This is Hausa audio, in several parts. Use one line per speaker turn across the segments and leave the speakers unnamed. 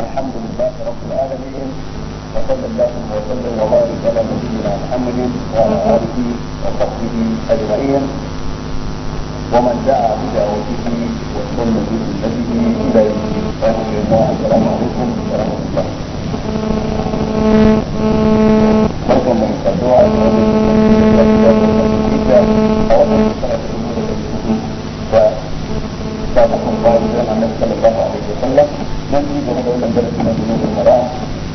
الحمد لله رب العالمين وصلى الله وسلم وبارك على نبينا محمد وعلى اله وصحبه اجمعين ومن دعا بدعوته وسن بسنته
الى يوم الدين السلام عليكم ورحمه الله بركم من الدعاء عن صلى
الله عليه وسلم dokoki game da wannan darasi na zuwa mara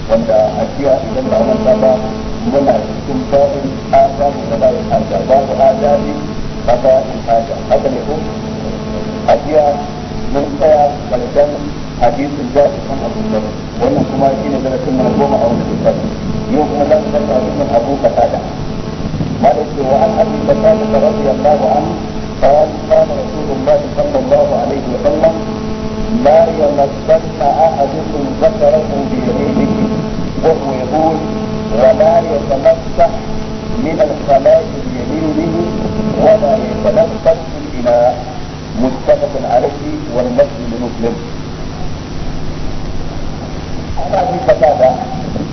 wanda a jiya idan ba mun ba muna cikin babin adabi da bayan haja babu adabi ba bayan haja haka ne ko a jiya mun tsaya karshen hadisin da kan abu da wannan kuma shine darasin mu goma a wannan littafin yau kuma za mu tsaya wannan abu kasada مالك وعن ابي بكر رضي الله عنه قال قال رسول الله صلى الله عليه وسلم لا يمسن احدكم ذكره بيمينه وهو يقول ولا يتمسح من الخلاء بيمينه ولا يتمسح الاناء متفق عليه والمسجد لمسلم. أنا أبي قتادة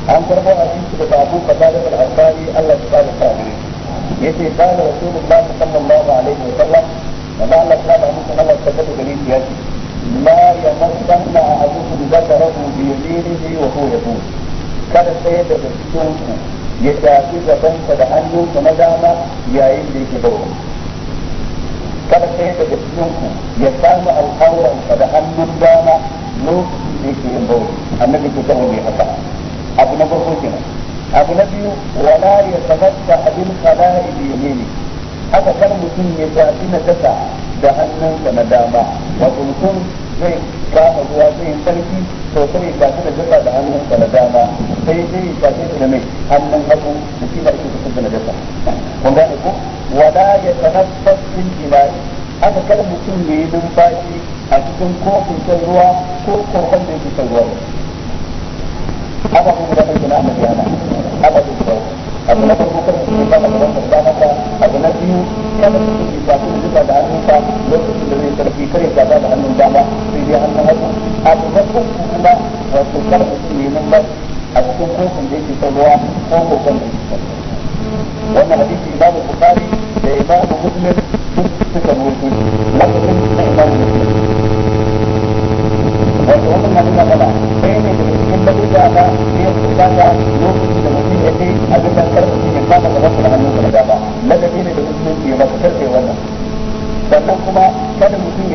عن كربو حديث أبو قتادة الأنصاري الله تعالى يتي قال رسول الله صلى الله عليه وسلم يقول kada sai da cikin ku ya shafi gabansa da hannunsa na dama yayin da yake dawo kada sai da cikin ku ya samu al'auransa da hannun dama lokacin da yake yin dawo annabi ke dawo mai haka abu na farko kenan abu na biyu wala ya tabatta abin da bi ne haka kar mutum ya shafi na dasa da hannun hannunsa na dama wato mutum zai kama zuwa zai yi sarki to sai da shafi da jasa da hannunsa na dama sai sai ya shafi da mai hannun hagu da shi ba ake fitar da najasa kun gane ko wala ya tanaffas min jima'i haka kada mutum ya yi numfashi a cikin kofin shan ruwa ko kofin da yake shan ruwa haka kuma da kai na annabi ana haka da abu na farko na su ba da ban da abu na biyu ta da suke shafi da zuba da ta lokacin da zai karfi kare ta da hannun dama sai dai hannun hagu abu na uku kuma wato kar mutum ya nan mai a cikin kofin da yake son ruwa ko kokon da yake wannan hadisi imamu bukari da imamu muslim duk
suka rubuto lafazin na imamu muslim
wato wannan na nuna mana ɗaya ne daga cikin babuwa na biyan bukata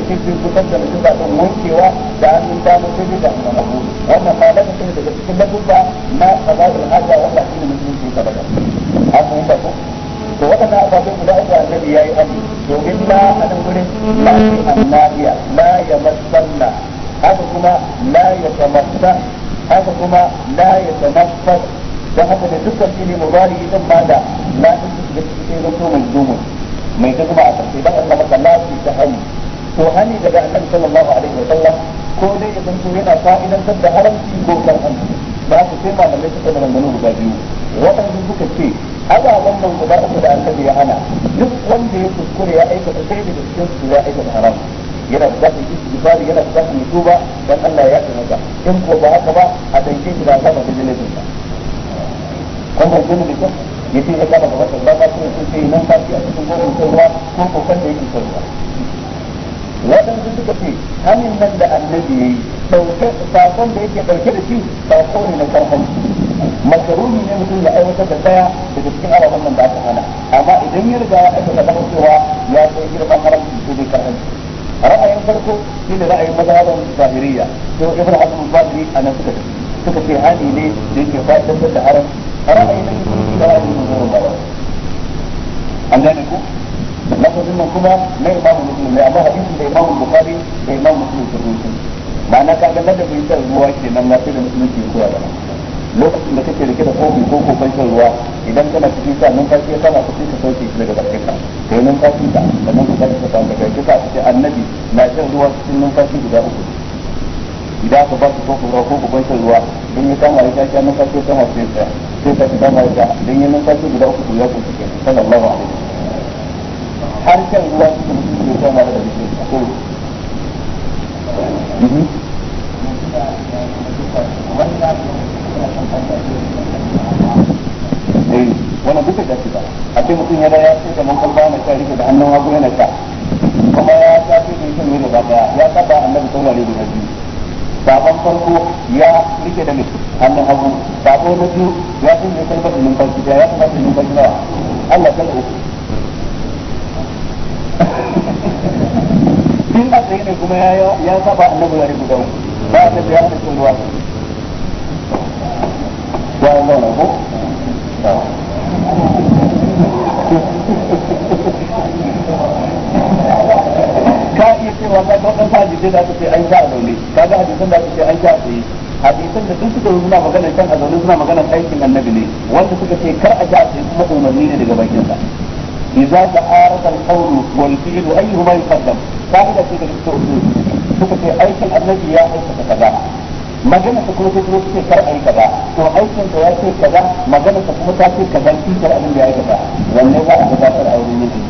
fifi fitar da mutum ba don wankewa da hannun dama sai da hannun hagu wannan ma da kake daga cikin lafuka na qada'ul haja wanda shine musulunci ka bada an mun da ko to wadanda ababen guda uku annabi yayi abi to illa anan gurin la annabiya la yamassanna haka kuma la yatamassa haka kuma la yatanaffas dan haka da dukkan shi ne mubari idan ma da la ta cikin sai zanto mai mai ta zuba a karshe dan Allah maka lafi ta hanyar ko hani daga annabi sallallahu alaihi wa sallam ko dai ya zanto yana fa'idantar da haramci ko karhanci ba haka sai malamai suka da rangano guda biyu waɗanda suka ce ababen nan guda uku da annabi ya hana duk wanda ya kuskure ya aikata sai daga cikin su ya aikata haram yana da zafin istighfari yana da zafin tuba don Allah ya yi maka in ko ba haka ba a danke shi da sama da jinnin sa kun ga jinnin da yace ya kama gaba da ba ta sun ce nan ba su ki a cikin gurbin ruwa ko kan da yake ruwa waɗansu suka ce hanyar nan da annabi ya yi sakon da yake ɗauke da shi sako ne na karfan makaruni ne mutum ya aiwatar da daya daga cikin ababen nan da aka hana amma idan ya riga ya aika da cewa ya kai girman haramci to zai karfan ra'ayin farko shi ne ra'ayin mazhaban zahiriya to ibn hasan al-basri nan suka tafi suka ce hali ne da yake fa'idantar da haramci
ra'ayin da yi da ra'ayin mazhaban
an gane ku lafazin nan kuma na imamu muslim ne amma hadisin da imamu bukari da imamu muslim sun rubuta ma'ana ka ga da bin shan ruwa kenan ma sai da ke kowa da lokacin da kake rike da kofi ko kokon shan ruwa idan kana cikin sa numfashi ya kama ka sai ka sauke shi daga bakin ka kai numfashi ka da ka sake ka samu daga kisa a cikin annabi na shan ruwa cikin numfashi guda uku idan aka ba su ko kuma ko kuma shan ruwa don ya kama ya tashi numfashi ya kama sai sai ka kama ya don ya numfashi guda uku ya kusa kenan sallallahu alaihi har shan ruwa cikin mutum ne eh, shan daga
jikin sa ko wannan
duka da shi ba a ce mutum yana ya ce kamar kwalba na sha rike da hannun hagu yana sha kuma ya sha ce da shan yana ba daya ya saba annabi saurare da biyu sabon farko ya rike da mai hannun hagu sabo na biyu ya kuma ne kalbar numfashi da ya kuma numfashi nawa Allah ta in a tsaye ne kuma ya saba annabi ya rubuta mu
ba annabi ya hana cin ruwa ya yi nuna ko
ka iya cewa ka ga ɗansa hadisai da aka ce an sha a zaune ka ga hadisan da aka ce an sha a tsaye hadisan da duk suka suna maganar kan a zaune suna maganar aikin annabi ne wanda suka ce kar a sha a tsaye kuma umarni ne daga bakinsa إذا تعارض القول والفعل أيهما يقدم قاعدة في التوحيد فكتي أيك النبي يا أيك كذا magana ta kuma kuma ce kar ai kaza to aikin da ya ce kaza magana ta kuma ta ce kaza shi kar abin da ya kaza wanne za a gabatar a wurin yake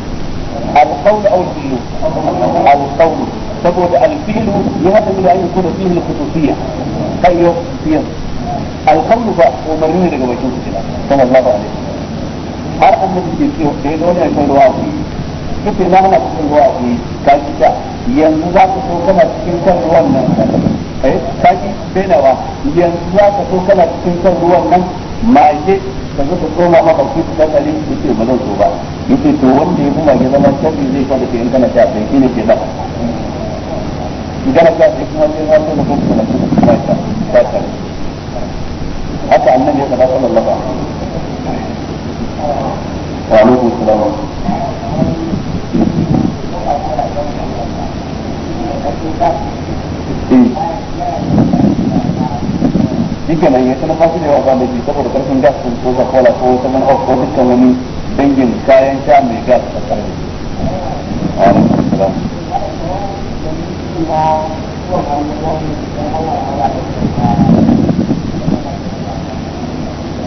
alqawl aw alfi'l alqawl saboda alfi'l ya hada da ayi kuma fihi alkhususiyya kai yo fiyan alqawl fa umarni daga bakin har annabi ke ce sai da wani kan ruwa ku kike na hana cikin ruwa ku ka ta yanzu za ka so kana cikin kan ruwan nan eh ka ki benawa yanzu za ka so kana cikin kan ruwan nan mage ka zo ka tsoma maka ku ta kali ku ce ba zan so ba yace to wanda ya kuma ya zama tabi zai fada ke in kana ta sai shine ke zaka idan ka yi kuma sai ka so na ka ta ta haka annabi ya faɗa sallallahu alaihi wasallam wa alaikum salam shi nan ya sanar ba shi da yawa da shi saboda karfin gas sun ko ka kola ko wata man ko dukkan wani dangin kayan sha mai gas a karfi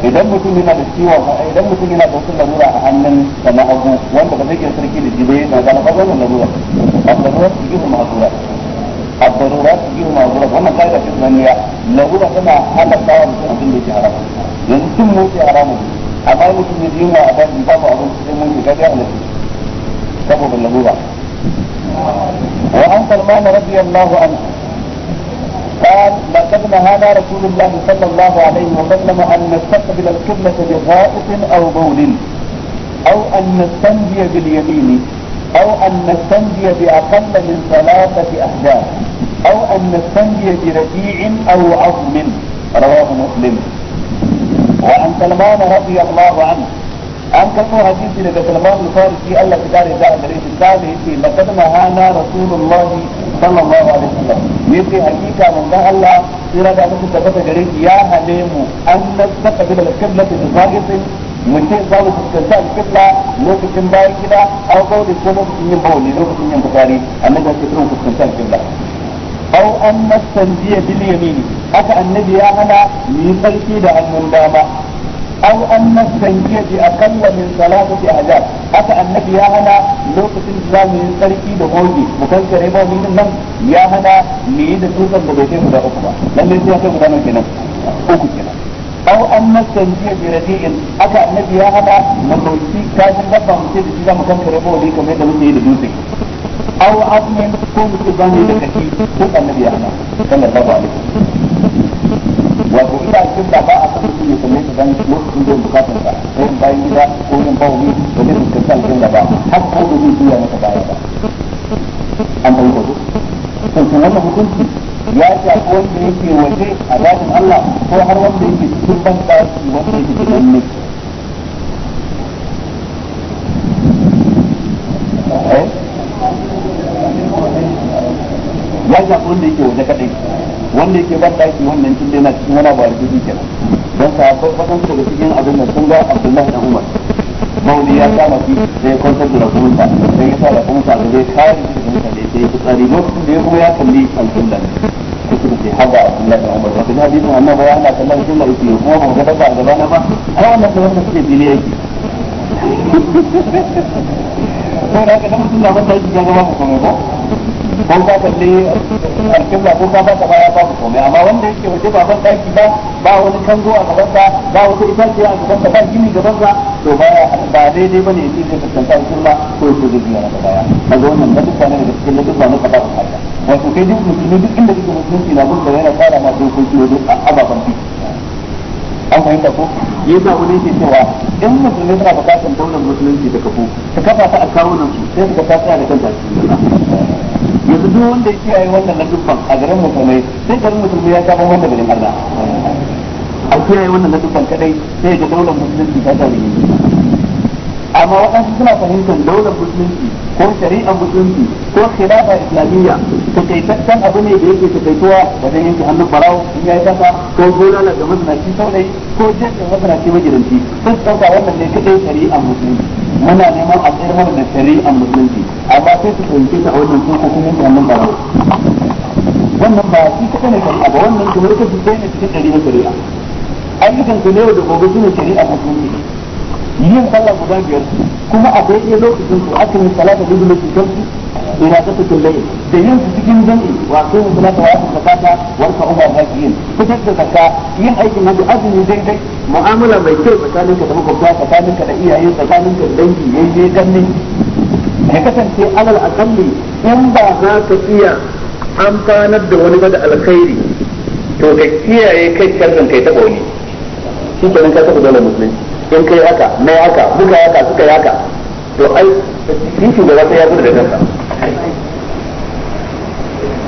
idan mutum yana da ciwon idan mutum yana da wasu larura a hannun da na hagu wanda ba zai iya sarki da shi bai na gana ba wannan larura abdarura su gihu ma'azura abdarura su gihu ma'azura wannan ka'ida ce sananniya larura tana halatta wa mutum abin da yake haramu yanzu cin motsi haramu amma mutum ya ji yunwa a daji babu abin cikin mun shiga ga halatta saboda larura wa an salmana radiyallahu an. قال لقد هذا رسول الله صلى الله عليه وسلم أن نستقبل القبلة بغائط أو بول أو أن نستنجي باليمين أو أن نستنجي بأقل من ثلاثة أحداث أو أن نستنجي برجيع أو عظم رواه مسلم وعن سلمان رضي الله عنه ان karɓo hadisi لك سلمان الفارسي الله تعالى جاء بريد الثاني gare shi رسول الله sallallahu alaihi wasallam yace hakika manzon Allah tsira da muku tabbata gare ki ya hale mu an nastaqbil al-qibla bi zaqitin mun ce za mu fuskanta al-qibla lokacin bayan gida aw kawai ko lokacin yin bawli lokacin yin bukari annabi ya ce ku fuskanta al-qibla aw an nastanjiya bil yamin haka annabi ya hana mu yi sarki da hannun dama aw an nastanjiya bi aqalla min salati ahjab haka annabi ya hana lokacin da zamu yi sarki da hoji mu kankare ba mu nan ya hana mu yi da tukan da bai kai guda uku ba lalle sai ya kai guda nan kenan uku kenan aw an nasan nastanji bi radi'in haka annabi ya hana mu dauki kajin dabba mu ce da shi zamu kankare ba wani kamar da muke yi da dutse aw azmin ko mu ce zamu yi da kashi ko annabi ya hana sallallahu alaihi wasallam wato ina cikin da ba a san su ne kamar su dan lokacin da bukatun sa ko in bayan gida ko in ba wani da zai fuskanci alƙin da ba har ko da zai juya masa baya ba an bai hoto to wannan hukunci ya shafi wanda yake waje a dajin Allah ko har wanda yake cikin ban ɗaki wanda yake cikin ne eh? ya shafi wanda yake waje kadai wanda yake ban daki wannan tunda yana cikin wani ba rubuci kenan don sahabbai fasan su daga cikin abin da sun ga Abdullahi da Umar mauli ya kama fi sai kwantar da rakunta sai ya sa rakunta da zai kare shi daga mutane sai ya tsari lokacin da ya kuma ya kalli alƙulla ne kuma sai haba Abdullahi dan Umar ba ya ba ga a ba ai wannan sai yake ko da ka mutum ban ba ko ko ka kalli alƙibla ko ka baka baya ba ku komai amma wanda yake waje ba ban daki ba ba wani kango a gaban sa ba wata itace a gaban sa ba gini gaban sa to baya ba daidai bane yake zai fuskanta alƙibla ko yake zai biya da baya kaga wannan da duk ne da cikin ladabba na kafa wato kai duk musulmi duk inda kake musulunci na gudu da yana kara ma dokoki wajen ababen fiti an fahimta ko yasa wani ke cewa in musulmi suna bukatar daular musulunci da kafu ta kafa ta a su sai su ta ta da kanta yanzu duk wanda ya kiyaye wannan ladubban a garin musulmai sai garin musulmi ya sha bambam da garin Allah a kiyaye wannan ladubban kadai sai ga daular musulunci ta tare yanzu amma waɗansu suna fahimtar daular musulunci ko shari'ar musulunci ko khilafa islamiyya ta takaitaccen abu ne da yake takaituwa wajen yanke hannun barawo in ya yi kasa ko gona ga masanaci saurayi ko jirgin masanaci magidanci sun ɗauka wannan ne kaɗai shari'ar musulunci muna neman a tsayar mana da shari'ar musulunci amma sai su fahimce ta a wannan sun kuma yanke hannun barawo wannan ba shi kaɗai ne shari'a ba wannan kuma ita su ɗaya ne cikin ɗari na shari'a ayyukan su ne da gobe su ne shari'a musulunci yin sallah guda biyar kuma a daidai lokacin su aka yi salata da dole cikin su ina ta cikin layi da yin su cikin jami'i wa sai mu salata wa aka zakata wa ka uba hajiyin fitar da zakka yin aikin hajji azumi daidai mu'amala mai kyau tsakanin ka da makwabta tsakanin ka da iyaye tsakanin ka da dangi yayi ganni ya kasance alal akalli in ba za ka iya amfanar da wani ba da alkhairi to ka kiyaye kai sharrin kai taɓa wani shi kenan ka taɓa dole musulunci in kai haka mai haka buga haka suka yi haka to ai shi shugaba sai ya gudu da kansa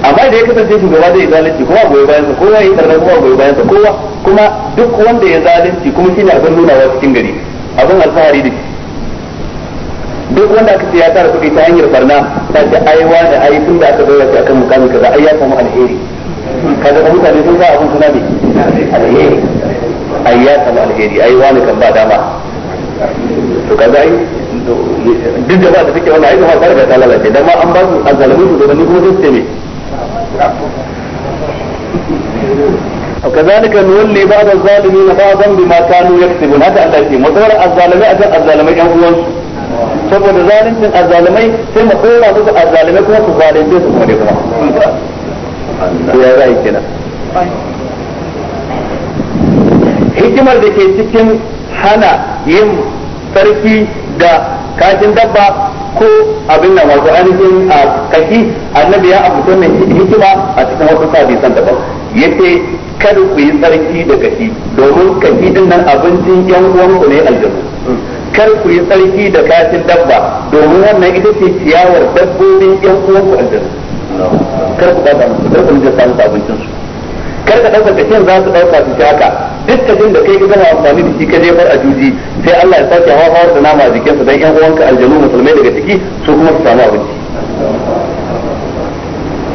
amma da ya kasance shugaba zai zalunci kuma goyi bayansa kowa ya yi tsarnar kuma goyi bayansa kowa kuma duk wanda ya zalunci kuma shi ne abin nuna wa cikin gari abin alfahari da shi duk wanda aka ce ya tara kuɗi ta hanyar barna ta ce ai wani ai tun da aka dora shi akan mukamin kaza ai ya samu alheri kaga mutane sun sa abin suna ne alheri ai ya samu alheri ai wani kan ba dama to kaga ai duk da ba da take wannan ai kuma ta riga ta lalace dan ma an ba su azalimin su gabanin kuma sai ne وكذلك نولي بعض الظالمين بعضا بما كانوا يكسبون هذا الله يكسب وصور الظالمين أجل الظالمين يهون saboda zalincin azzalimai sai mu kora su azzalimai kuma su zalunce su kuma ne kuma to ya zai kenan hikimar da ke cikin hana yin sarki da kashin dabba ko abin da masu ainihin a kashi annabi ya abu wannan hikima a cikin wasu daba ya ce kada ku yi sarki da kashi domin kashi din nan abincin yan uwanku ne aljanu kar ku yi sarki da kashin dabba domin wannan ita ce ciyawar dabbobin yan uwanku aljanu kar ku ba da kar ku je samu abincin su kar ka ɗauka kashin za su dauka su shaka duk abin da kai gama amfani da shi ka jefar a juji sai Allah ya sake hawa da nama a jikinsa dan yan uwanka aljanu musulmai daga ciki su kuma su samu abinci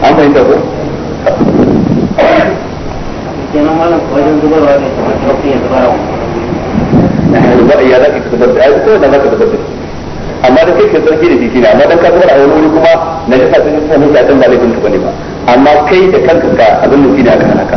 an fahimta ko kenan amma da kai sarki da shi amma dan ka zubar a wani wuri kuma na sa sun yi sanin da kan ba laifin ka bane ba amma kai da kanka ka abin da shi ne aka hana ka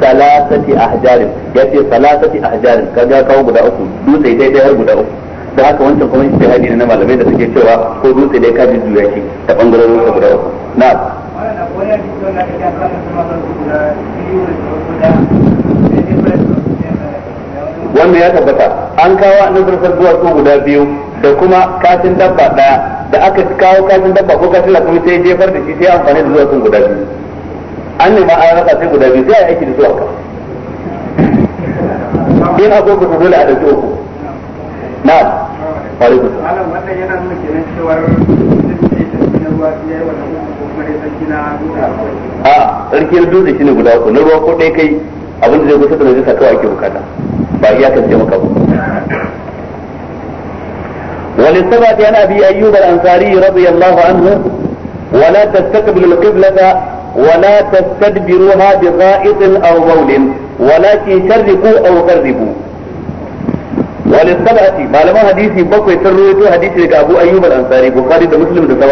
salasati ahjarin ya ce salasati ahjarin kaga kawo guda uku dutse dai dai guda uku da haka wancan kuma ijtihadi ne na malamai da suke cewa ko dutse dai ka ji jujjuya ce ta bangaren sa guda uku na'am wannan ya tabbata an kawo annabi sallallahu alaihi guda biyu da kuma kafin dabba daya da aka kawo kafin dabba ko kafin lakumi sai jefar da shi sai amfani da zuwa sun guda biyu an nema an raka sai guda biyu sai a aiki da su haka in akwai ku dole a ɗauki uku na ƙwarai ku malam wannan yana nuna kenan cewa a tsarkiyar dutse shine guda uku na ruwa ko ɗaya kai abin da zai gusa da najisa kawai ake bukata ba iya kan maka ba وللثبت عن ابي ايوب الانصاري رضي الله عنه tattaka تستقبل القبله ولا تستدبروها بغائط أو بول ولكن شرقوا أو غربوا وللسبعة ما لما حديثي بقوي سرويتو حديثي لك أبو أيوب الأنصاري بخاري مسلم ده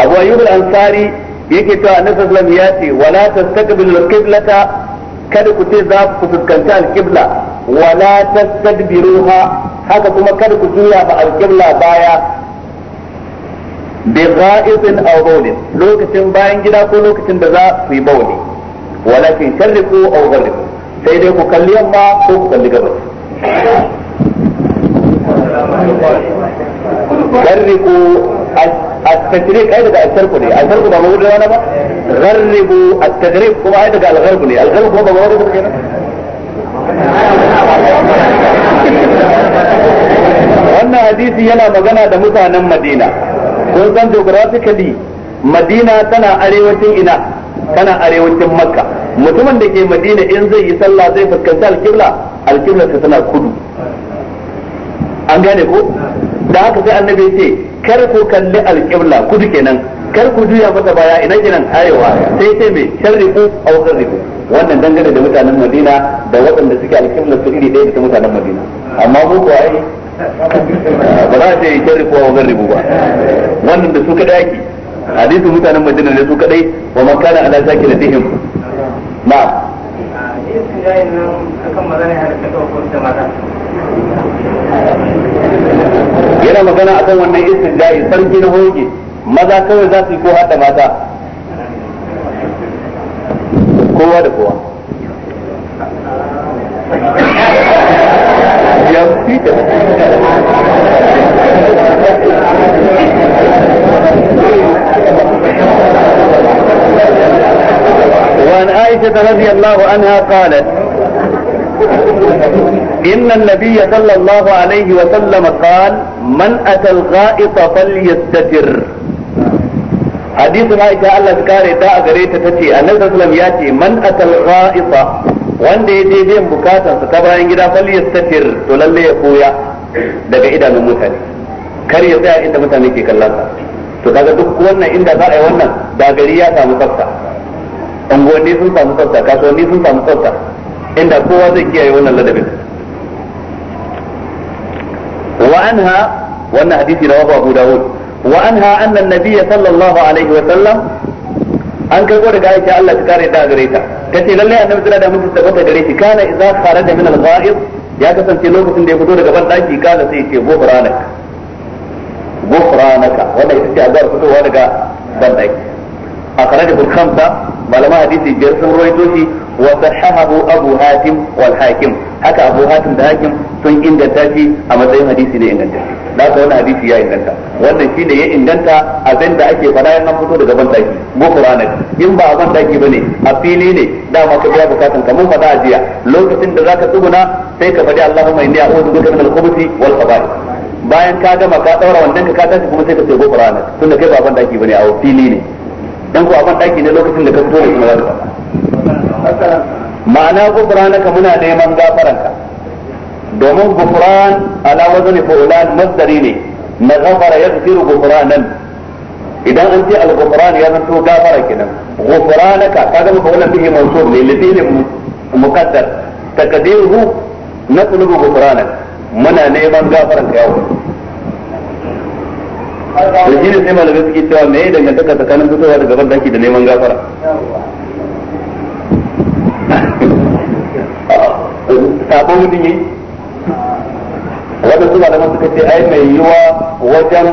أبو أيوب الأنصاري yake cewa annabi sallallahu ya ce wala tastaqbilu al-qiblata kada ku ce za ku fuskanci al-qibla wala tastadbiruha haka kuma kada ku juya ba al baya bi ghaizin aw bawlin lokacin bayan gida ko lokacin da za ku yi bawli walakin sharriku aw gharriqu sai dai ku kalli yamma ko ku kalli gabas at التشريق ai daga الشرق ne الشرق ba mawdu wala ba gharribu at-taghrib kuma ai daga al-gharb ne al-gharb ba mawdu ba kenan wannan hadisi yana magana da mutanen Madina kun san geographically madina tana arewacin ina tana arewacin makka mutumin da ke madina in zai yi sallah zai fuskanci alkibla alkibla ta tana kudu an gane ko da haka sai annabi ya ce kar ku kalli alkibla kudu kenan kar ku juya mata baya ina kenan arewa sai sai mai sharriku au sharriku wannan dangane da mutanen madina da waɗanda suke alkibla su iri ɗaya da mutanen madina amma mu ko ai ba za ta yi sharri ko wa garribu ba wannan da su kadai ake hadisin mutanen madina ne su kadai wa man kana da
shakiratihim na'am
yana magana kan wannan istinja'i sarki na hoge maza kawai za su yi ko hada mata kowa da kowa وعن عائشة رضي الله عنها قالت إن النبي صلى الله عليه وسلم قال من أتى الغائط فليستتر حديث عائشة الله كاري دا غريتة تتي النبي صلى الله عليه وسلم يأتي من أتى الغائط wanda ya je biyan bukatansa ta bayan gida fal yastafir to lalle ya koya daga idanun mutane kar ya tsaya inda mutane ke kallon sa to kaga duk wannan inda za a yi wannan da gari ya samu tsafta unguwanni sun samu tsafta kasuwanni sun samu tsafta inda kowa zai kiyaye wannan ladabin wa anha wannan hadisi rawahu Abu Dawud wa anha anna an-nabiy sallallahu alaihi wa sallam an kai ga Aisha Allah ta kare da gareta ta kace lallai annabi sallallahu alaihi wasallam tabbata gare shi kana idza kharaja min al-gha'ib ya kasance lokacin da ya fito daga bandaki kana sai ce gofranak gofranaka wanda ita ce azar fitowa daga bandaki a kharaja bil khamsa malama hadisi biyar sun rawaito shi وصححه أبو هاتم والحاكم haka abu hatim da hakim sun inganta shi a matsayin hadisi ne inganta da ka wani hadisi ya inganta wannan shine ya inganta abin da ake fada yana fito daga ban daki mu qur'anin in ba a ban daki bane a fili ne ma ka biya bukatun ka mun fada ajiya lokacin da zaka tsuguna sai ka faɗi Allahumma inni a'udhu bika min al-khubuthi wal khaba'ith bayan ka gama ka daura wannan ka ka tashi kuma sai ka ce go qur'anin tunda kai ba ban daki bane a fili ne dan ko a ban daki ne lokacin da ka fito da kuma zaka ma'ana gufranaka muna neman gafaranka domin gufran ala wazni fulan masdari ne na gafara ya tafiru gufranan idan an ce al-gufran ya zanto gafara kenan gufranaka kaga maka wannan bihi mansub ne lidilin muqaddar na natlubu gufranak muna neman gafaranka yau.
da shi ne
sai malamai suke cewa me dangantaka tsakanin fitowa daga ban daki da neman gafara sabo mutum yi waɗansu malaman suka ce ai mai yiwa wajen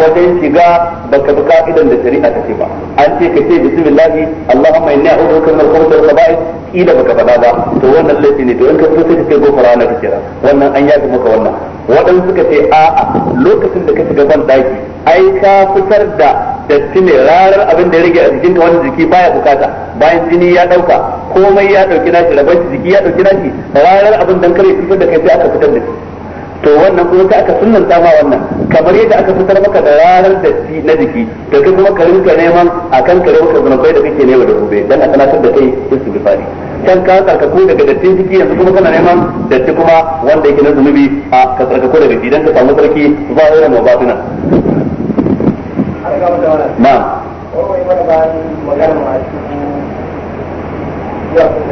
wajen shiga baka bi ka'idan da shari'a ta ce ba an ce ka ce bismillah allahumma inni a'udhu bika min al-khubuthi wal khaba'ith ila baka faɗa ba to wannan laifi ne to in ka so sai ka ce gofara na ka kira wannan an yafi maka wannan waɗansu suka ce a'a lokacin da ka shiga ban daki ai ka fitar da datti ne rarar abin da ya rage a jikinka wanda jiki baya bukata bayan jini ya ɗauka komai ya dauki nashi rabar jiki ya dauki nashi ranar abin dan kare fitar da kai sai aka fitar da shi to wannan kuma sai aka sunan ma wannan kamar yadda aka fitar maka da ranar da shi na jiki to kai kuma ka rinka neman akan kare maka bai da kake nema da gobe dan a sanatar da kai istighfari can ka tsarkaku daga dattin jiki yanzu kuma kana neman datti kuma wanda yake na zunubi a ka tsarkaku daga shi dan ka samu sarki ba wa ba batina na'am
wannan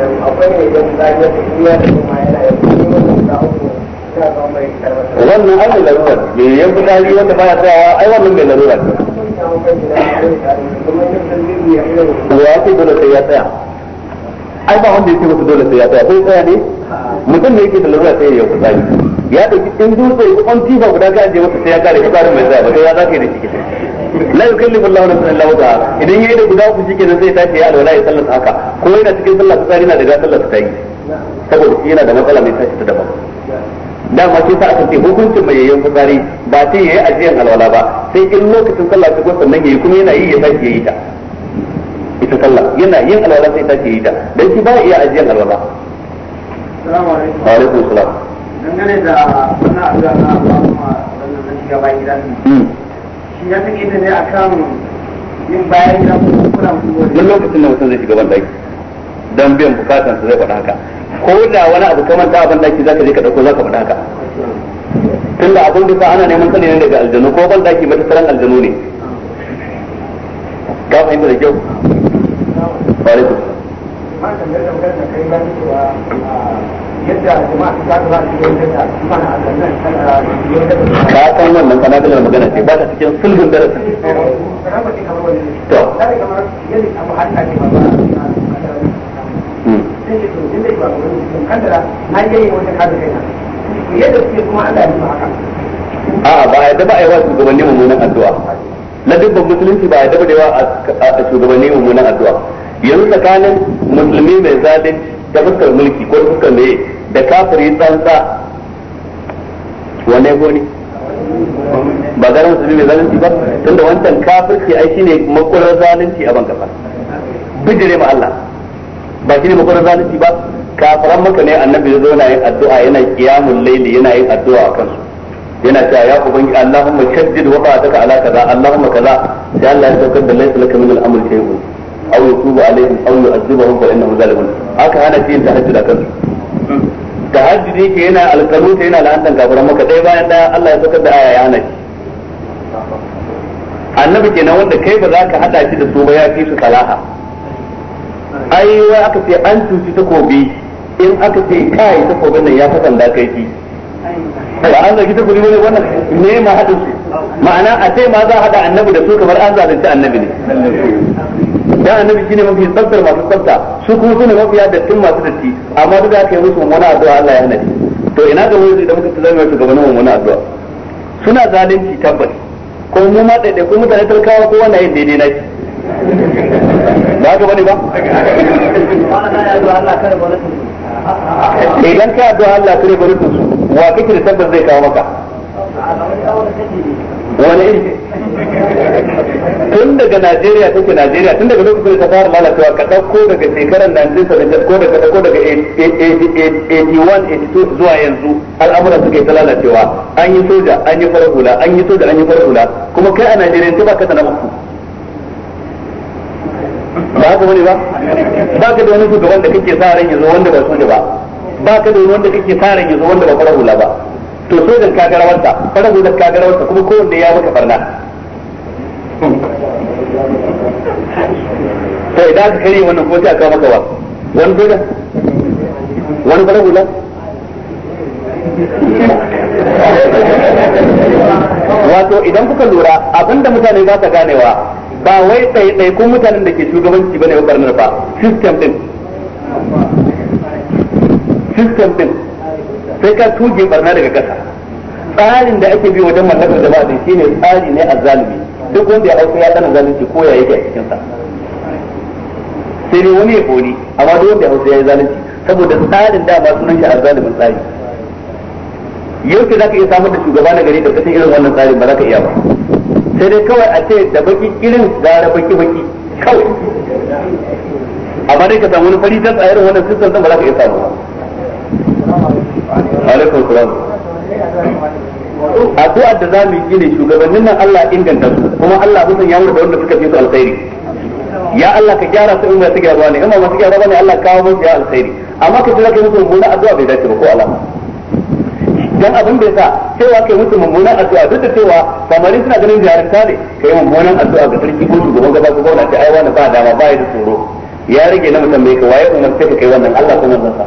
an da
larura me ya fi dari wanda baya tsayawa ai wannan mai larura
ya ce dole
sai ya tsaya ai ba wanda yake masa dole sai ya tsaya sai tsaya ne mutum ne yake da larura sai ya fitsari ya dauki in dutse ko an tifa guda ga an je masa sai ya kare fitsarin mai tsaya ba sai ya zaka yi da shi la yukallifu Allahu nafsan illa wusa idan yayi da guda uku shikenan zai tashi ya alwala ya sallata haka ko yana cikin sallah tsari na daga sallah ta yi saboda shi yana da matsala mai tashi ta daban dama shi sa aka ce hukuncin mai yayin fitsari ba sai yayi ajiyan alwala ba sai in lokacin sallah ta go nan yayi kuma yana yi ya tashi yayi ta ita sallah yana yin alwala sai tashi yayi ta dan shi ba iya ajiyan alwala
assalamu alaikum wa alaikum assalam dangane da wannan addu'a na Allahumma sallallahu alaihi wa sallam
ya take ta ne akan yin bayan ya kula duk lokacin da mutum zai shiga bandaki dan biyan bukatan su zai faɗa haka ko da wani abu kamar ta abin daki zaka je ka dauko zaka faɗa haka tunda abin da ana neman sani ne daga aljanu ko ban daki mata saran aljanu ne ka fahimta da kyau wa alaikum yadda ta a ah, san wannan kana da magana ce ba ta cikin sulhun darasin to a'a ba yadda ba a yi wa shugabanni mummunan addu'a na dubban musulunci ba yadda ba da yawa a shugabanni mummunan addu'a yanzu tsakanin musulmi mai zalunci ta fuskar mulki ko fuskar meye da kafiri tsantsa wane goni ba garin su mai zalunci ba tunda wancan kafirci ai shine makurar zalunci a banka ba bijire ma Allah ba shine makurar zalunci ba kafiran maka ne annabi ya zo na yin addu'a yana qiyamul layli yana yin addu'a a su yana cewa ya ubangi Allahumma shaddid wa ba'daka ala kaza Allahumma kaza sai Allah ya saukar da laysa laka min al amr shay'un aw yutubu alaihim aw yu'adhibuhum fa innahu zalimun haka hana shi yin tahajjud a su. da ne ke yana ta yana la'antar kafiran maka ɗaya bayan ɗaya Allah ya saukar da aya yana hana shi annabi kenan wanda kai ba za ka haɗa shi da su ba ya fi su salaha ai wa aka ce an cuci takobi in aka ce kai takobin nan ya fi sanda kai shi ba an zargi ba ne wannan ne ma haɗa su ma'ana a ce ma za a haɗa annabi da su kamar an zalunci annabi ne da annabi shine mafi tsaftar masu tsafta su kuma sune mafiya dattin masu datti amma duk da aka yi musu wani addu'a Allah ya hana to ina ga wani da muka tsaya mai gabanin wani addu'a suna zalunci tabbas ko mu ma daidai ko mutane talakawa ko wanda yin daidai naki ba ga bane ba idan ka addu'a Allah kare barin su wa kake da tabbas zai kawo maka wani tun daga Najeriya take Najeriya tun daga lokacin da ta fara lalacewa ka ɗauko daga shekarar 1970 ko daga ɗauko daga 81 zuwa yanzu al'amura suke ta lalacewa an yi soja an yi farar hula an yi soja an yi farar hula kuma kai a Najeriya ta baka sana uku ba haka wani ba ba ka da wani shugaban da kake sa ran yanzu wanda ba soja ba ba ka da wani wanda kake sa ran yanzu wanda ba farar hula ba to sojan kagarawarsa farar hular kagarawarsa kuma kowanne ya maka farna to idan aka karye wannan ko sai a kawo maka ba, wani dole wani fara hula wato idan kuka lura abinda mutane ba sa ganewa ba wai ɗaiɗaikun mutanen da ke shugabanci bane wa barnar ba system din system din sai ka tuge barna daga ƙasa tsarin da ake bi wajen mallakar jama'a din shine tsari ne a zalimi duk wanda ya auka ya dana zalunci ko ya yake a cikinsa. sai dai wani ya kori amma duk wanda hausa ya yi zalunci saboda tsarin da ba sunan shi zalimin tsari yau ke ka iya samar da shugaba na gari da kasan irin wannan tsarin ba za ka iya ba sai dai kawai a ce da baki irin gara baki baki kawai amma dai ka samu wani fari ta tsayar irin wannan sistan ba za ka iya samu ba alaikum salam addu'ar da za mu yi ne shugabannin nan Allah inganta su kuma Allah musan ya murda wanda suka fi su alkhairi ya Allah ka gyara su in su gyara ne in masu gyaruwa ne Allah kawo musu ya alkhairi amma ka tura kai musu mummuna addu'a bai dace ba ko Allah. dan abin da yasa cewa kai musu mummunan addu'a duk da cewa kamar suna ganin jarumta ne kai mummunan addu'a ga sarki ko shugaban gaba ko gwamnati ai wani ba dama ba ya da tsoro ya rage na mutum mai ka waye sai ka kai wannan Allah kuma zan sa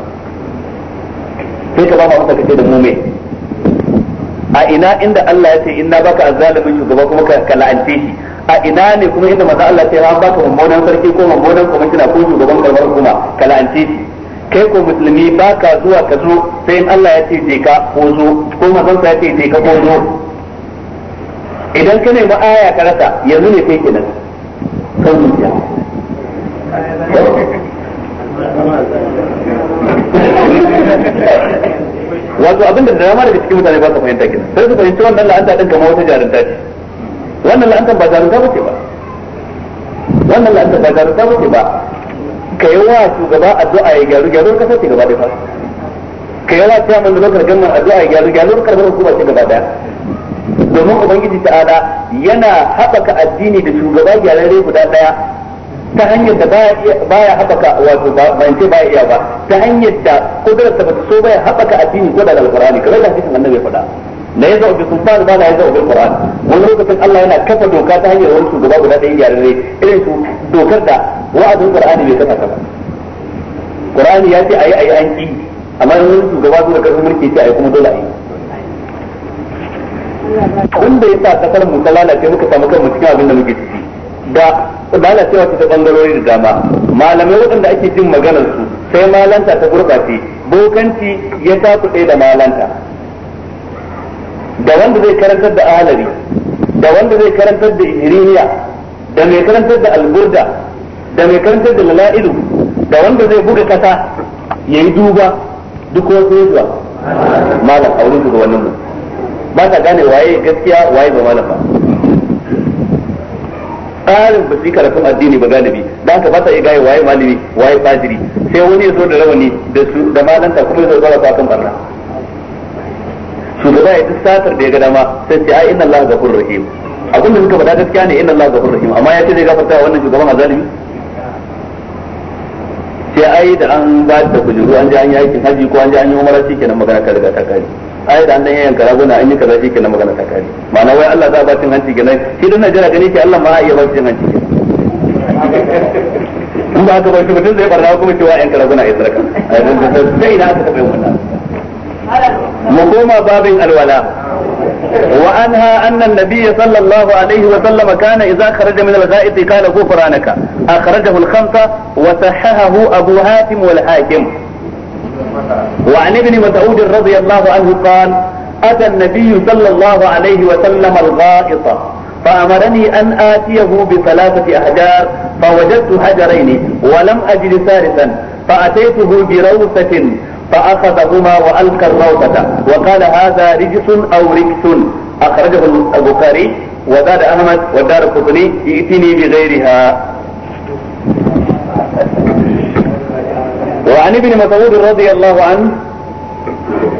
sai ka ba mu ka ce da mu mai a ina inda Allah ya ce inna baka azzalimin shugaba kuma ka la'ance shi a ina ne kuma inda maza Allah ta an baka mummunan sarki ko mummunan kwamishina ko shugaban karbar hukuma ka la'ance shi kai ko musulmi ba ka zuwa ka zo sai in Allah ya ce je ka ko zo ko manzon ya ce je ka ko zo idan ka nemi aya ka rasa yanzu ne kai kenan kan zuciya wato abinda da dama daga cikin mutane ba su fahimta kenan sai su fahimci wannan la'anta din kamar wata jarinta ce wannan la'antar ba ba ce ba wannan la'antar ba ba ce ba ka yi wa shugaba addu'a ya gyaru gyaru kasar ce gaba da fa ka yi wa chairman da lokar gannan addu'a ya gyaru gyaru karbar hukuma ce gaba daya domin ubangiji ta'ala yana haɓaka addini da shugaba gyararre guda daya ta hanyar da baya haɓaka wato ban ce baya iya ba ta hanyar da kudurar ta so baya haɓaka addini ko da alkurani kamar da hadisin annabi faɗa la yazau bi sultan ba la yazau zaube qur'an wani lokacin Allah yana kafa doka ta hanyar wani shugaba guda ɗaya yarare irin su dokar da wa'azin qur'ani bai kafa ba qur'ani ya ce ayi ayi an ki amma wani shugaba zuwa karfin mulki ce ayi kuma dole ayi wanda ya sa kasar mu ta lalace muka samu kanmu cikin abin da muke ciki da lalacewa ta bangarori da dama malamai waɗanda ake jin maganar su sai malanta ta gurɓace bokanci ya tafi da malanta da wanda zai karantar da ahalari da wanda zai karantar da iriniya da mai karantar da alburda da mai karantar da lala'ilu da wanda zai buga kasa ya yi duba duk wasu yi zuwa malam a wurin shugabannin mu ba ta gane waye gaskiya waye ba malam ba tsarin ba su karatun addini ba galibi da haka ba iya gane waye malami waye fajiri sai wani ya zo da rawani da su da malanta kuma ya zo zara kan barna shugaba ya duk satar da ya gada ma sai sai ai inna Allah ghafurur rahim abinda suka faɗa gaskiya ne inna Allah ghafurur rahim amma ya ce zai gafarta wannan shugaban azalimi sai ai da an ba da kujuru an ji an yi aikin haji ko an ji an yi umara shi kenan magana ka riga ta kare ai da an dan yayin karaguna an yi kaza shi kenan magana ta kare ma'ana wai Allah za a ba cin hanci kenan shi dan Najeriya gani ke Allah ma a iya ba cin hanci in ba ka ba shi mutum zai barna kuma cewa yan karaguna ya sarka a yanzu da sai ina aka taɓa
wannan مقوم
باب الولاء وأنهى أن النبي صلى الله عليه وسلم كان إذا خرج من الغائط قال غفرانك أخرجه الخمسة وصححه أبو هاتم والحاكم وعن ابن مسعود رضي الله عنه قال أتى النبي صلى الله عليه وسلم الغائط فأمرني أن آتيه بثلاثة أحجار فوجدت حجرين ولم أجد ثالثا فأتيته بروثة فأخذهما وألقى الروضة وقال هذا رجس أو ركس أخرجه البخاري وزاد أحمد ودار القطني ائتني بغيرها وعن ابن مسعود رضي الله عنه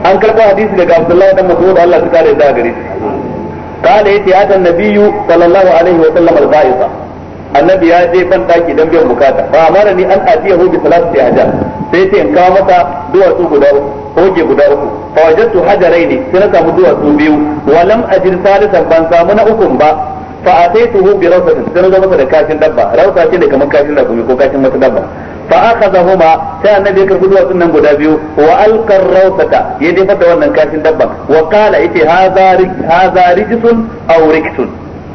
an karɓo hadisi daga Abdullahi dan Mas'ud Allah ta kare da gare shi kale yace atan nabiyyu sallallahu alaihi wa sallam al-ba'isa annabi ya je ban daki dan biyan bukata fa ni an atiyahu bi salati hajat sai ce in kawo masa duwatsu guda uku hoge guda uku fa wajadtu hajaraini sai na samu duwatsu biyu walam ajir salisan ban samu na ukun ba fa ataytuhu bi rawsatin sai na masa da kashin dabba rawsa ce da kamar kashin da ko kashin wata dabba fa huma sai annabi ya karbi duwatsun nan guda biyu wa alqa rawsata ya dafa da wannan kashin dabba wa kala yace hadha hadha rijsun aw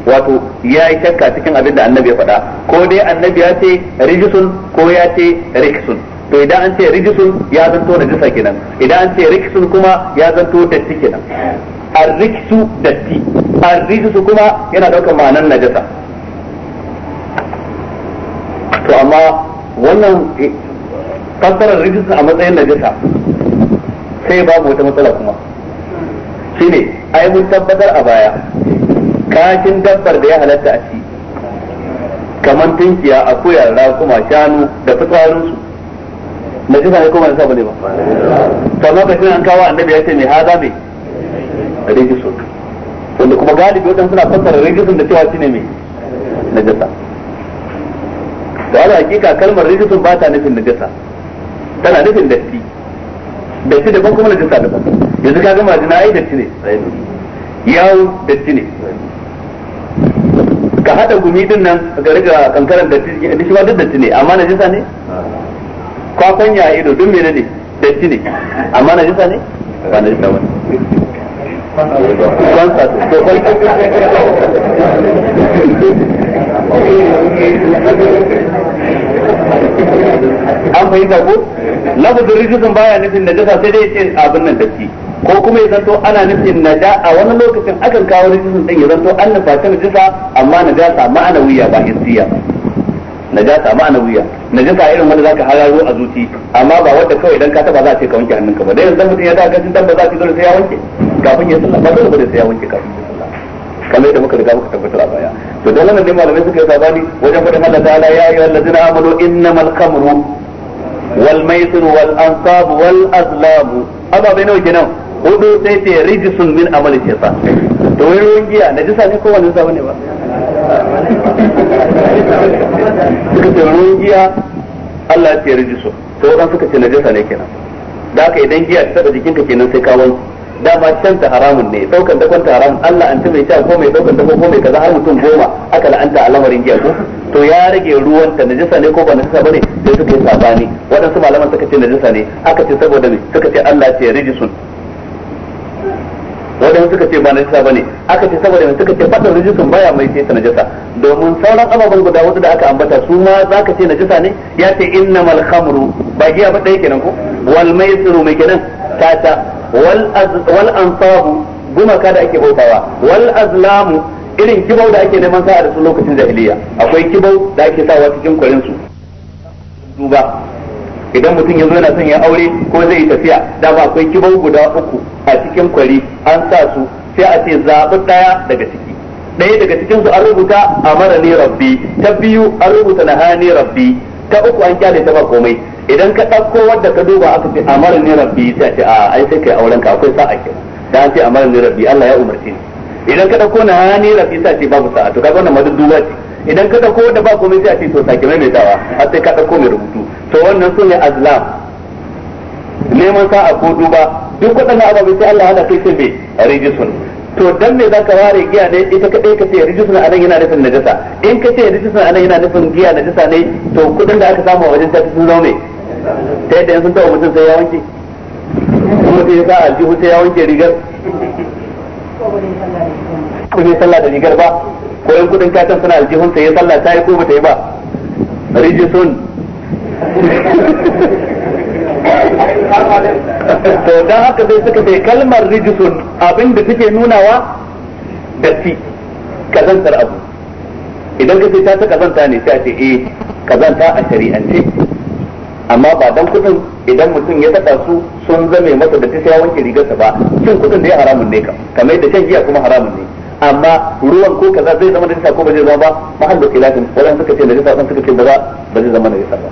wato ya yi shakka cikin abin da annabi ya faɗa ko dai annabi ya ce rijisun ko ya ce rikisun. to idan an ce rijisun ya zanto jisa kenan idan an ce rikisun kuma ya zanto ti kenan ti datti rijisu kuma yana daukar ma'anar najasa to amma wannan eh, fassarar rijisun a matsayin najasa sai babu wata matsala kuma shine ai mun tabbatar a baya kashin dabbar da ya halatta a ci kamar tunkiya akuya raƙuma shanu da fitsarinsu na jisa ne ko ba ba ne ba kamar ka an kawo annabi ya ce mai haza mai rigisun wanda kuma galibi wajen suna fassara rigisun da cewa shine mai najasa da ala hakika kalmar rigisun ba ta nufin najasa tana nufin datti datti daban kuma najasa daban yanzu ka gama jina ai datti ne yawo datti ne ka hada gumi din nan ga riga kankaran datti shi ma duk datti ne amma najasa ne kwakwan ya ido duk mene ne datti ne amma na jisa ne ba na jisa ba an fahimta ko lafazin rijisun baya nufin na jasa sai dai ce abin nan datti ko kuma ya zanto ana nufin na da a wani lokacin akan kawo rijisun ɗin ya zanto an nufa ta jisa amma na jasa ma'ana wuya ba hissiya najasa ma wuya najasa irin wanda zaka hararo a zuci amma ba wanda kawai idan ka taba za a ce ka wanke hannunka ba dai yanzu mutun ya taba kashin tabba za ka dole sai ya wanke kafin ya sallah ba dole sai ya wanke kafin ya sallah kamar yadda muka riga muka tabbatar a baya to dole ne malamai suka yi sabani wajen faɗin Allah ta'ala ya ayyuhal ladina amanu innamal khamru wal maisir wal ansab wal azlam ababai nawa kenan hudu sai ce rijisun min amali shaytan to wai ruwan giya najasa ne ko wani sabani ba suka ce ruwan giya Allah ya yarda su to wadan suka ce najasa ne kenan da haka idan giya ta taba jikinka kenan sai ka da dama shan ta haramun ne daukan dakon ta haramun Allah an ta mai sha ko mai daukan dako ko mai kaza har mutum goma aka la'anta a lamarin giya ko to ya rage ruwan ta najasa ne ko ba najasa bane sai suka yi sabani wadansu malaman suka ce najasa ne aka ce saboda me suka ce Allah ya yarda su wadanda suka ce ba na jisa ba ne aka ce saboda mai suka ce fadar rijisun baya mai ce ta najasa domin sauran ababen guda hudu da aka ambata su ma za ka ce najasa ne ya ce inna khamru ba giya ba dai kenan ko wal maisiru mai kenan tata wal ansabu gumaka da ake bautawa wal azlamu irin kibau da ake neman sa'a da su lokacin jahiliya akwai kibau da ake sa cikin kwarin su idan mutum ya zo yana son ya aure ko zai tafiya da ba akwai kibau guda uku a cikin kwari an sa su sai a ce zaɓi ɗaya daga ciki ɗaya daga cikin su an rubuta amara ni rabbi ta biyu an rubuta na nahani rabbi ta uku an kyale ta ba komai idan ka ɗauko wadda ka duba aka ce amara ni rabbi sai a ce a ai sai kai auren ka akwai sa'a ke da an ce amara ni rabbi Allah ya umarci ni idan ka ɗauko na nahani rabbi sai a ce babu sa'a to kaga wannan ba ce idan ka dauko wanda ba komai sai a ce to sake maimaitawa har sai ka dauko mai rubutu to wannan sune azlam neman a ko duba duk waɗannan ababai sai Allah hada kai sai bai rijisun to dan me zaka ware giya ne ita kadai ka ce rijisun nan yana nufin najasa in ka ce rijisun nan yana nufin giya najasa ne to kudin da aka samu a wajen ta sun zama me ta yadda sun tawo mutum sai ya wanke kuma sai ya sa aljihu sai ya wanke rigar ne sallah da rigar ba ko in kudin kakan suna aljihun sai ya sallah ta yi ko bata yi ba rijisun to dan haka sai suka ce kalmar rijisun abinda take nunawa datti kazantar abu idan ka ce ta ta kazanta ne sai a ce eh kazanta a shari'ance amma ba dan kudin idan mutum ya taɓa su sun zame masa da ta sai wanke rigarsa ba cin kudin da ya haramun ne ka kamar yadda shan giya kuma haramun ne amma ruwan ko kaza zai zama najasa ko ba zai zama ba da khilafin wannan suka ce najasa wannan suka ce ba ba zai zama najasa ba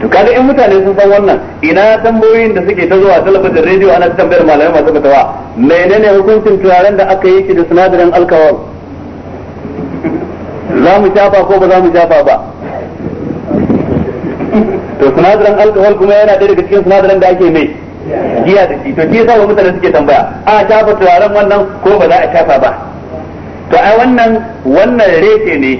to kaga in mutane sun san wannan ina tambayoyin da suke ta zuwa talabijin radio ana tambayar malamai masu fatawa menene hukuncin turaren da aka yi shi da sinadarin alkawal. za mu shafa ko ba za mu shafa ba to sinadarin alkawal kuma yana ɗaya daga cikin sinadarin da ake mai giya da shi to shi yasa mutane suke tambaya a shafa turaren wannan ko ba za a shafa ba to ai wannan wannan reshe ne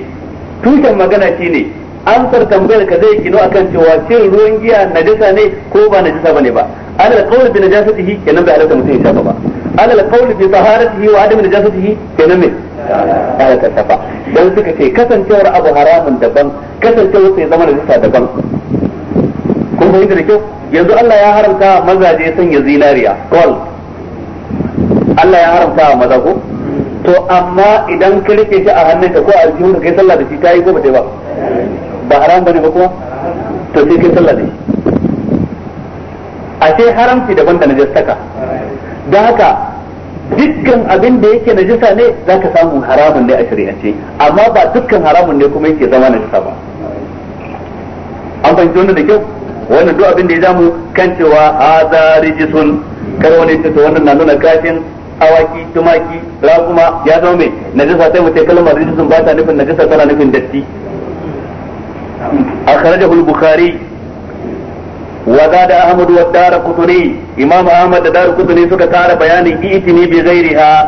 tushen magana shine amsar tambayar ka zai kino akan cewa shin ruwan giya najasa ne ko ba najasa bane ba alal qawl bi najasatihi kenan bai halatta mutum ya shafa ba alal qawl bi taharatihi wa adam najasatihi kenan me ala ta shafa dan suka ce kasancewar abu haramun daban kasancewar sai zama najasa daban kun fahimta da kyau yanzu Allah ya haramta mazaje sanya zinariya gold Allah ya haramta maza ko to amma idan ka rike shi a hannunka ko a aljihunka kai sallah da shi ta yi ko ba ta yi ba ba haram bane ba kuma to sai kai sallah da shi sai haramci daban da najastaka don haka dukkan abin da yake najisa ne za ka samu haramun ne a shari'ance amma ba dukkan haramun ne kuma yake zama najisa ba an fahimci wannan da kyau wannan duk abin da ya zamu kan cewa hadha rijsun kar wani cuta wannan na nuna kafin awaki tumaki raguma ya zama mai najasa sai mutai kalmar rijsun ba ta nufin najasa tana nufin datti A akhrajahu al-bukhari وزاد wa والدار قطني امام احمد da دار قطني suka tara bayanin itini bi ha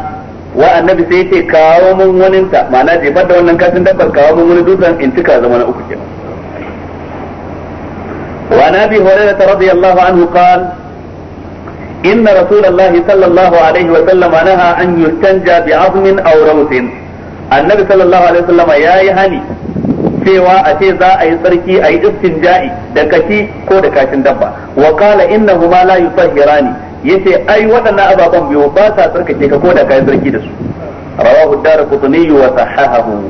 wa annabi sai ce kawo mun waninta ma'ana jefar da wannan katin dabbar kawo mun wani dutsen in cika zama na uku kenan وعن ابي هريره رضي الله عنه قال ان رسول الله صلى الله عليه وسلم نهى ان يستنجى بعظم او روث النبي صلى الله عليه وسلم يا يهني cewa a ce za a yi tsarki a yi jai da kashi ko da kashin dabba wa inna innahuma la yutahhirani yace ai waɗannan ababen biyu ba sa tsarkake ka ko da kai tsarki da su rawahu darqutni wa sahahahu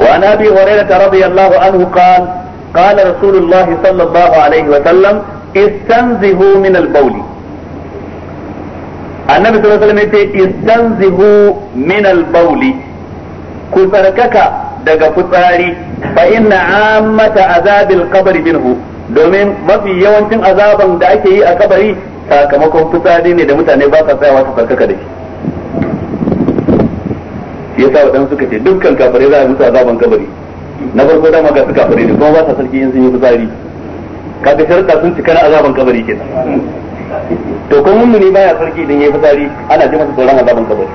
wa an hurairah radiyallahu anhu qala قال رسول الله صلى الله عليه وسلم استنزهوا من البول annabi sallallahu alaihi wasallam yace istanzihu min al-bawli ku tsarkaka daga fitsari fa inna azabin kabari qabri minhu domin mafi yawancin azaban da ake yi a kabari sakamakon fitsari ne da mutane ba sa tsayawa su tsarkaka da shi yasa wadan suka ce dukkan kafirai za a musu azaban kabari na farko dama ga su kafare ne kuma ba sa sarki in sun yi fitsari kaga sharuɗa sun cika na azaban kabari ke. to kuma ne baya sarki idan yayi fitsari ana ji masa tsoron azaban kabari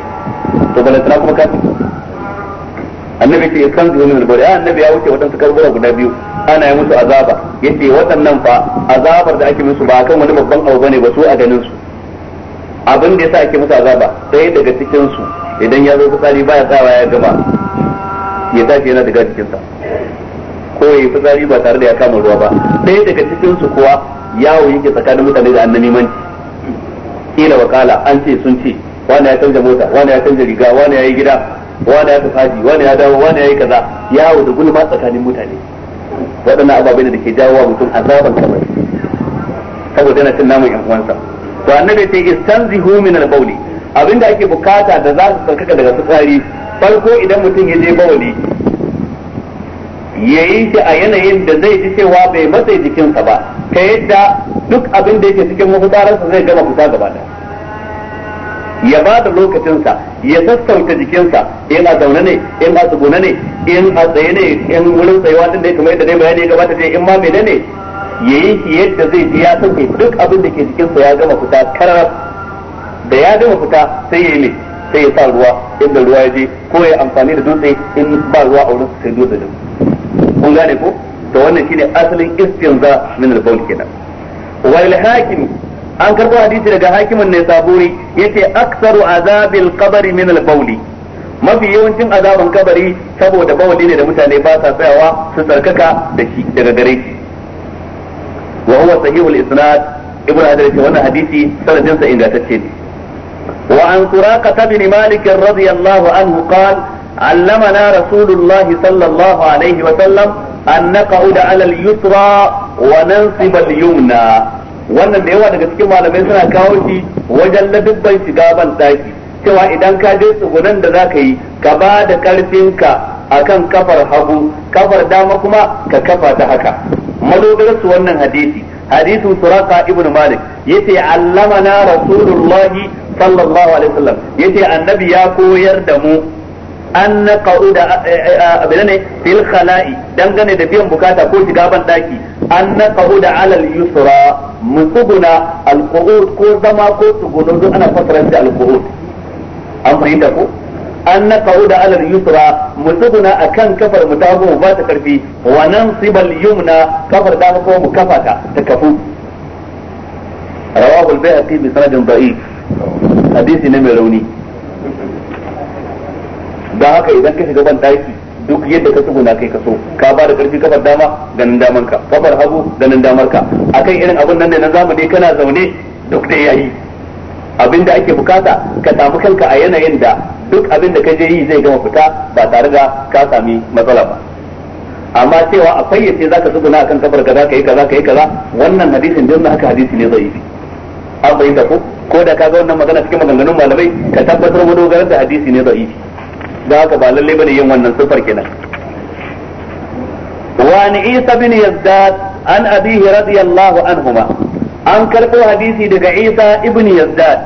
to tana kuma kafin annabi ce kan zuwa min albari a ah, annabi ya wuce waɗansu karbura guda biyu ana yi musu azaba yace waɗannan fa azabar da ake musu ba kan wani babban abu bane ba su a ganin su abin da yasa ake musu azaba sai daga cikin su idan ya zo fitsari baya tsawa ya gama ya tafi yana daga cikin sa ko ya yi fitsari ba tare da ya kama ruwa ba ɗaya daga cikin su kuwa yawo yake tsakanin mutane da annani man kila wakala an ce sun ce wani ya canza mota wani ya canza riga wani ya yi gida wani ya tafi wani ya dawo wani ya yi kaza yawo da gulma tsakanin mutane waɗannan ababen da ke jawo wa mutum azaban kamar saboda yana cin namun yan uwansa to annabi ce istanzihu min al abinda ake bukata da za su tsarkaka daga fitsari farko idan mutum ya je bawali ya yi shi a yanayin da zai ji cewa bai matsayi jikinsa ba ta yadda duk abin da yake cikin sa zai gama fita gaba da, ya ba da lokacinsa ya sassauta jikinsa in a zaune ne in a tsugune ne in a tsaye ne in wurin tsayuwa din da ya kamar yadda dai bayani ya gabata dai in ma menene ya yi shi yadda zai ji ya sauke duk abin da ke jikinsa ya gama fita karar da ya gama fita sai ya yi ne sai ya sa ruwa inda ruwa ya je ko ya amfani da dutse in ba ruwa a wurin sai dutse din kun gane ko to wannan shine asalin istinza min al-bawl kenan wal hakim an karbo hadisi daga hakimin ne saburi yace aksaru azabil qabri min al-bawl mafi yawancin azaban kabari saboda bawali ne da mutane ba sa tsayawa su tsarkaka da shi daga gare shi wa huwa sahihul isnad ibnu hajar ce wannan hadisi sanadin sa ingantacce ne wa an suraqah ibn malik radiyallahu anhu qala علمنا رسول الله صلى الله عليه وسلم أن نقعد على اليسرى وننصب اليمنى wannan da yawa daga cikin malamai suna kawo shi wajen ladubban shiga ban daki cewa idan ka je tsugunan da za ka yi ka ba da karfinka akan kafar hagu kafar dama kuma ka kafa ta haka madogarar su wannan hadisi hadisin suraka ibnu malik yace allamana rasulullahi sallallahu alaihi wasallam yace annabi ya koyar da mu an na ƙa'uda eh, eh, eh, ah, abin ne fil khala'i dangane da biyan bukata ko shiga ban daki an na ƙa'uda alal yusra mu tsuguna alqu'ud ko zama ko tsuguno duk ana fasarar da alqu'ud an fahimta ko an na ƙa'uda alal yusra mu tsuguna akan kafar mu ta mu ba ta karfi wa nan sibal yumna kafar dama ko mu kafa ta ta kafu rawahu al-bayhaqi bi sanadin da'if hadisi ne mai rauni da haka idan ka shiga ban duk yadda ka tsuguna kai kaso ka ba da karfi kafar dama ganin damar ka kafar hagu ganin damar ka akan irin abin nan da na zamani kana zaune duk da yayi abin da ake bukata ka samu kanka a yanayin da duk abin da ka je yi zai gama fita ba tare da ka sami matsala ba amma cewa a fayyace zaka tsuguna akan kafar kaza kai kaza kai kaza wannan hadisin don haka hadisi ne zai yi an bayyana ko ko da ka ga wannan magana cikin maganganun malamai ka tabbatar mu da hadisi ne zai yi da haka ba lalle bane yin wannan sifar kenan wa an isa bin yazdad an abihi radiyallahu anhuma an karɓo hadisi daga isa ibn yazdad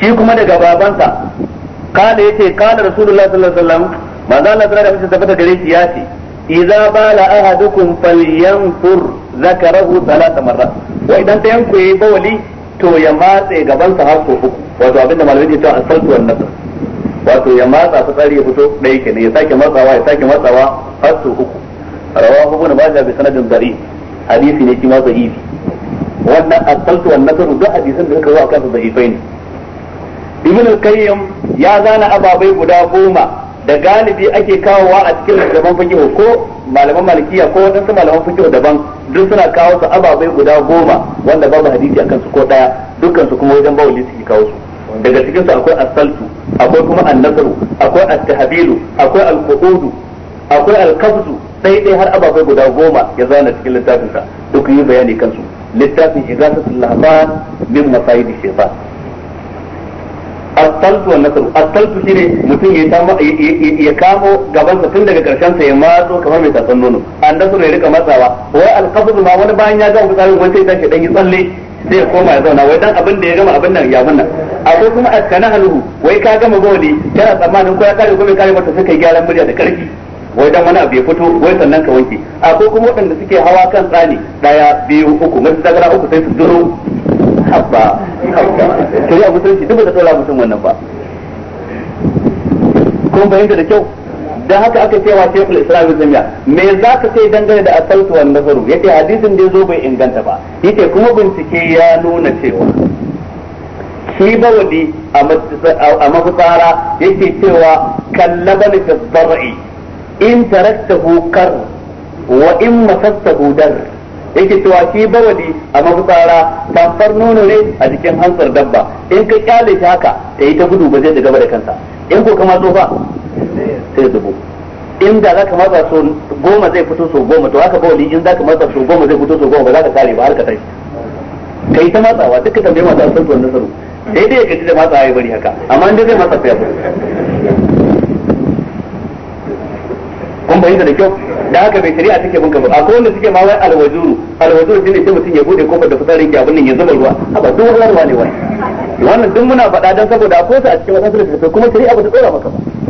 shi kuma daga babansa kada yace kada rasulullahi sallallahu alaihi wasallam manzo Allah sallallahu alaihi wasallam ta gare shi ya ce idza bala ahadukum falyanfur zakarahu thalath marrat wa idan ta yanku yi bawali to ya matse gaban sa har uku wato abinda malamin ya ce asaltu wan nasr wato ya matsa tsari ya fito ɗaya ne ya sake matsawa ya sake matsawa har su uku rawahu ba majah bi sanadin dari hadisi ne kima da'ifi wannan asaltu wan nasaru duk hadisin da suka zo akan su da'ifai ne ibn al-qayyim ya zana ababai guda goma da galibi ake kawowa a cikin littattafan fikihu ko malaman malikiya ko wadansu malaman fikihu daban duk suna kawo su ababai guda goma wanda babu hadisi akan su ko daya dukkan su kuma wajen bawali suke kawo su daga cikin su akwai asaltu akwai kuma annasaru akwai attahabilu akwai alqudu akwai al sai dai har ababai guda goma ya zana cikin littafin sa duk yi bayani su littafin igasatul lahaban min masaid shaytan at-taltu wan nasaru at shine mutum ya kama ya kamo gaban sa tun daga karshen sa ya matso kamar mai tatsan nono annasaru ya rika matsawa wai al ma wani bayan ya ga misalin wani sai dan yi tsalle zai koma ya zauna wai dan abin da ya gama abin nan ya abin nan akwai kuma askana haluhu wai ka gama bawli kana tsammanin ko ya kare ko bai kare mata sai kai gyaran murya da karfi wai dan wani abu ya fito wai sannan ka wanke akwai kuma waɗanda suke hawa kan tsani daya biyu uku masu dagara uku sai su duro habba habba shari'a musulunci duk ba ta tsola mutum wannan ba kun fahimta da kyau dan haka aka cewa Sheikhul islam ibn Taymiyyah me za ka sai dangane da asaltu wan nazaru yace hadisin da yazo bai inganta ba yace kuma bincike ya nuna cewa shi bawadi a mafitsara yake cewa kallabani fi in taraktahu kar wa in masattahu dar yake cewa shi bawali a mafitsara tamfar nono ne a jikin hansar dabba in ka kyale shi haka ta yi ta gudu ba zai gaba da kansa in ko kama tsofa sai zubo inda za ka matsa so goma zai fito so goma to haka bawali in za ka matsa so goma zai fito so goma ba za ka kare ba har ka tashi kai ta matsawa duka tambaye masu asar tuwon nasaru sai dai ya gaji da matsawa ya bari haka amma inda zai matsa fiya kun bayyana da kyau da haka bai shari'a take bunka ba akwai wanda suke ma wai alwajuru alwajuru shine sai mutum ya bude kofar da fitsarin ki abin nan ya zuba ruwa haba duk wani ruwa ne wani wannan duk muna faɗa dan saboda akwai su a
cikin sulhu kuma shari'a ba ta tsora maka ba